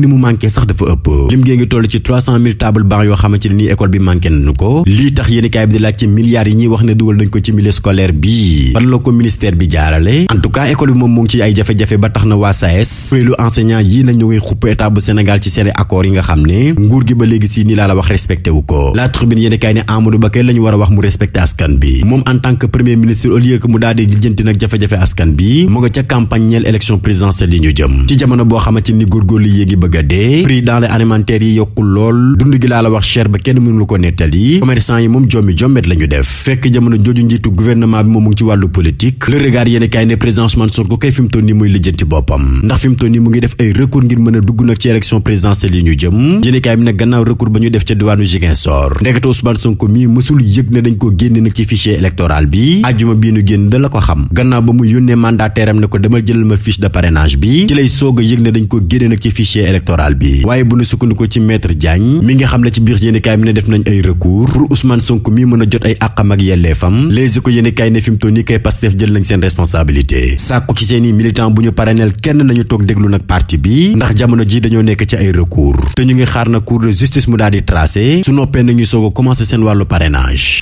comme ni mu manqué sax dafa ëpp lim ngee ngi toll ci 300 000 table banc yoo xamante ne nii école bi manqué nañu ko lii tax yéenekaay bi di laaj ci milliards yi ñuy wax ne dugal nañ ko ci milieu bi ba tax na waa SAES kuréelu enseignant yi na ngi xupp état bu ci seen accord yi nga xam ne nguur gi ba léegi si ni laa la wax respecté ko la tribune yéenekaay ne Amadou Ba kay la war a wax mu respecté askan bi moom en tant premier ministre bëgg a dee prix denrées alimentaires yi yokkul lool dund gi laa la wax cher ba kenn mënu lu ko nettali commerçant yi moom jommi jommet la ñu def fekk jamono jooju njiitu gouvernement bi moom mu ngi ci wàllu politique le regard ne président Ousmane Sonko kay fi mu toll muy lijjanti boppam ndax fi mu toll mu ngi def ay recours ngir mën dugg nag ci élection présidentielle yi ñu jëm yéen bi nag gannaaw recours ba ñu def ca diwaanu Ziguinchor ndekete Ousmane électorale bi waaye bu nu sukkandiku ci maître Diagne mi nga xam ne ci biir yéenekaay bi ne def nañ ay recours pour Ousmane Sonko mi mën a jot ay àqam ak yelleefam Les Échos yéenekaay ne fi mu nii kay Pastef jël nañ seen responsabilité sàkku ci seen i militant bu ñu paraneel kenn nañu toog déglu nag parti bi ndax jamono ji dañoo nekk ci ay recours te ñu ngi xaar na cour de justice mu daal di su noppee nañu soog a seen wàllu parrainage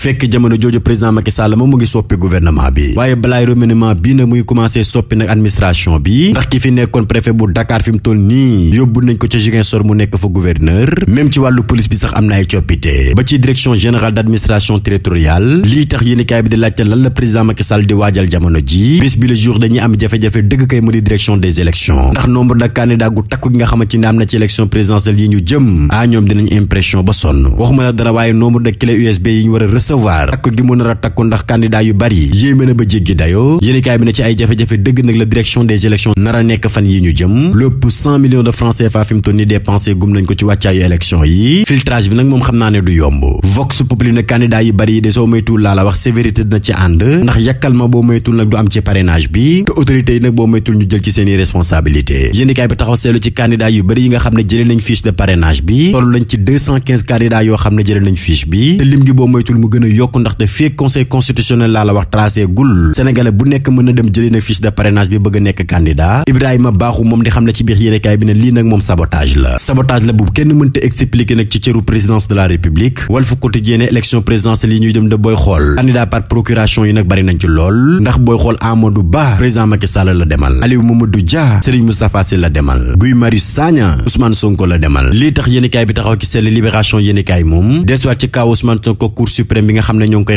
yóbbu nañ ko ca Ziguinchor mu nekk fa gouverneur même ci wàllu police bi sax am na coppite ba ci direction générale d'administration territoriale lii tax yéenekaay bi di laajte lan la président Macky di waajal jamono ji bés bi le jour dañuy am jafe-jafe dëgg kay mu di direction des élections ndax nombre de candidats gu takku gi nga xamante ni am na ci élection présidentielle yi ñu jëm ah ñoom dinañ impression ba sonn waxuma la dara waaye nombre CFA fi mu ni dépensé gum nañ ko ci wàccaayu élection yi filtrage bi nag moom xam naa ne du yomb vox populi ne yi bari de soo moytuwul laa la wax sévérité dina ci ànd ndax yàkkal ma boo moytuwul nag du am ci parrainage bi te autorité yi nag boo moytuwul ñu jël ci seeni responsabilité yéenekaay bi taxaw seetlu ci candidat yu bari yi nga xam ne jëlee nañ fiche de parrainage bi toll nañ ci 215 yoo xam ne jëlee nañ fiche bi te lim gi sabotage la bu kenn mënta expliquer nag ci cëru présidence de la république Walf Quotidien élection présidentielle yi ñuy dem da booy xool candidat par procuration yi nag bari nañ ci lool ndax booy xool Amadou Ba président Macky la demal Aliou Mamadou Dia Serigne Moustapha Sy la demal Guy Marius Sagna Ousmane Sonko la demal lii tax yéenekaay bi taxaw ci seen libération yéenekaay moom dellusiwaat ci kaw Ousmane Sonko cour suprême bi nga xam ne ñoo koy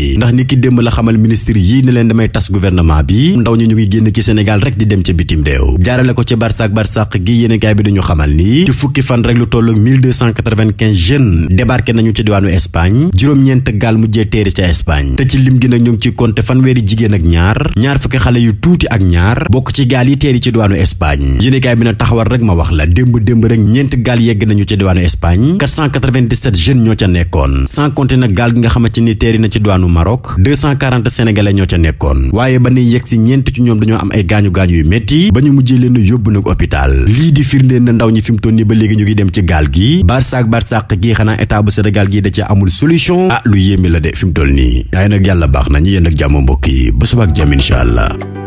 bi ndax ni ki démb la xamal ministre yii ne leen damay tas gouvernement bi ndaw ñu ngi génn ci Sénégal rek di dem ca bitim réew jaarale ko ca barsak barsak gi yéenekaay bi dañu xamal ni ci fukki fan rek lu tollu 1295 jeunes nañu ci diwaanu Espagne juróom-ñeent gaal mujjee teeri ca Espagne te ci lim gi nag ñu ngi ci compté fanweeri jigéen ak ñaar ñaar fukki xale yu tuuti ak ñaar bokk ci gaal yi teeri ci diwaanu Espagne yéenekaay bi na taxawal rek Maroc 240 sénégalais ñoo ca nekkoon waaye ba nuy yegg si ñeent ci ñoom dañoo am ay gaañu gaañu yu métti ba ñu mujjee leen yóbbu nag hôpital lii di firndeen na ndaw ñi fi mu toll nii ba léegi ñu ngi dem ci gaal gi barsaak barsaak gii xanaa état bu Sénégal gii da ci amul solution ah lu yéeme la de fi mu toll nii. waaye nag yàlla baax na ñu yéen ak jàmm mbokk yi ba suba ak jàmm allah.